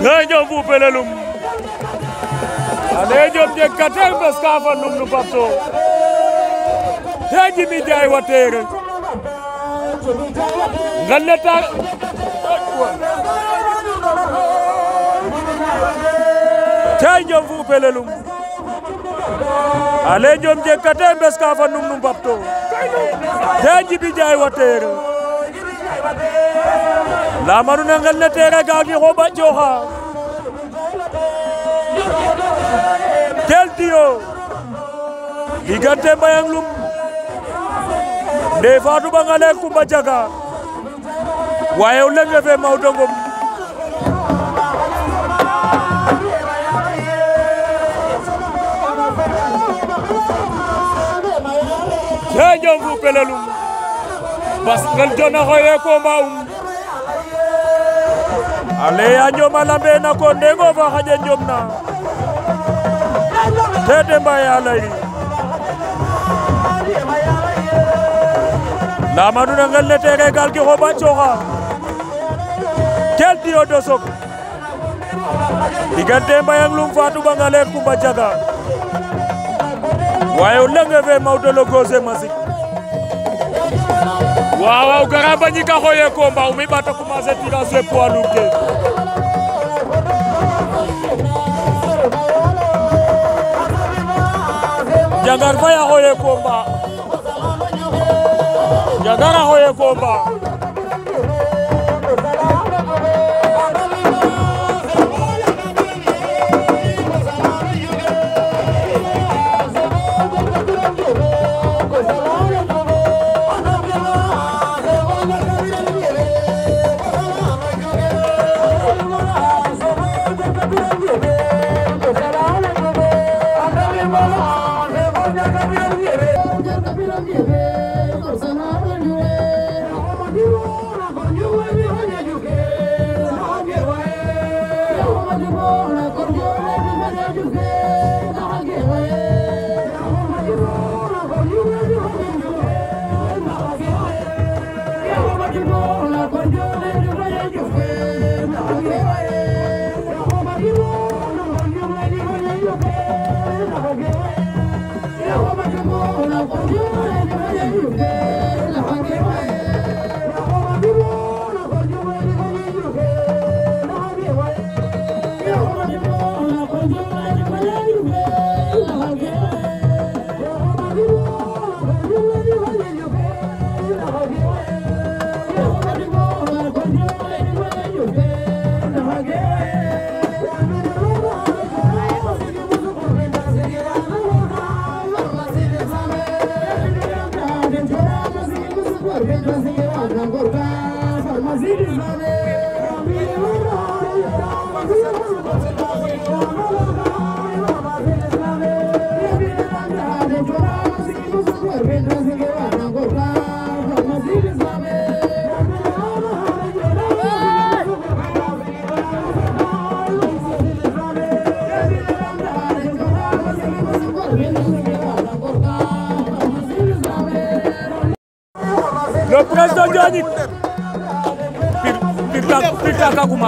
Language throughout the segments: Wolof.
Rejo vupelelum. Alejo mje katel beskafa num nupapto. Teji mi jai watere. Ganeta. Tejo vupelelum. Alejo mje katel beskafa num nupapto. Teji mi jai watere. Lamane ne ngel ne tere ga gi xoba joxa tel tiyo diggante Mbayang Loum Ndeye Fatou Bangaler Coumba Diaga waaye o leŋ refe Maodo pelelum parce que jona xoye ko ale ya Ndiom na ko ndengo fa xaƴa Ndiom na te Demba ya lay Lamadou na ngel ne tere gal ki xoba coxa kel diyo do sok diggante Mbayang Loum Fatou Bangaler Coumba Diaga waaye o lenge fe Maodo lo waaw waaw Grand Mbagnick a xooyee combat mi ɓaata commencer tirage des poids lourds ke Ndiangar Faye a xooyee combat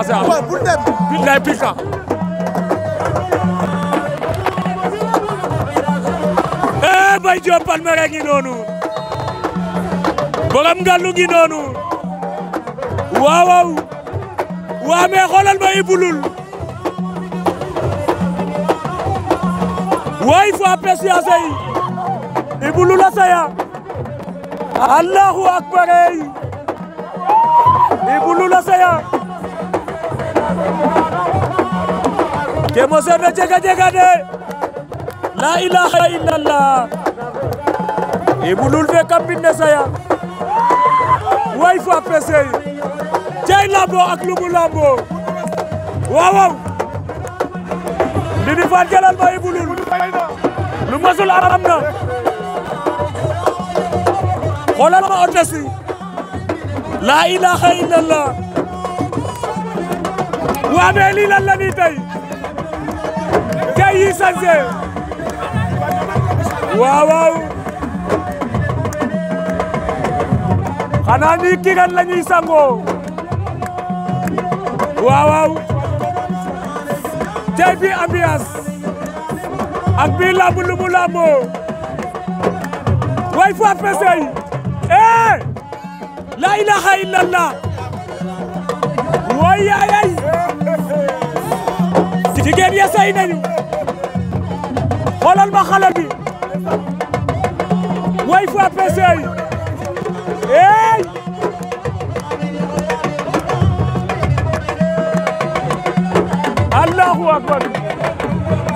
commencé am. dem. eh Mbaye Diop Palmarin nous, noonu. borom ngallu ngi noonu. waaw mais ça ma ibulul. waay fo apprécier say ibulu la allahu akbar ey eh. ke moso na jega jega de la ilaha illallah e bulul fe kam binne saya way fa pesey jey lambo ak lumu lambo waaw waaw Ndindy Fall jalal ma e bulul lu masul aram na xoolal ma o tasi la ilaha illallah waa mais lii lan la nii tey tey yi sanse waaw waaw xanaa nii kigan la ñuy sangoo waaw waaw tey bi ambiance ak bii làmb lu mu làmboo way fo pesey eh la ilaha illallah way ay ay جيجين يا سيدي خلال مخالب ويفو أبسي اي الله أكبر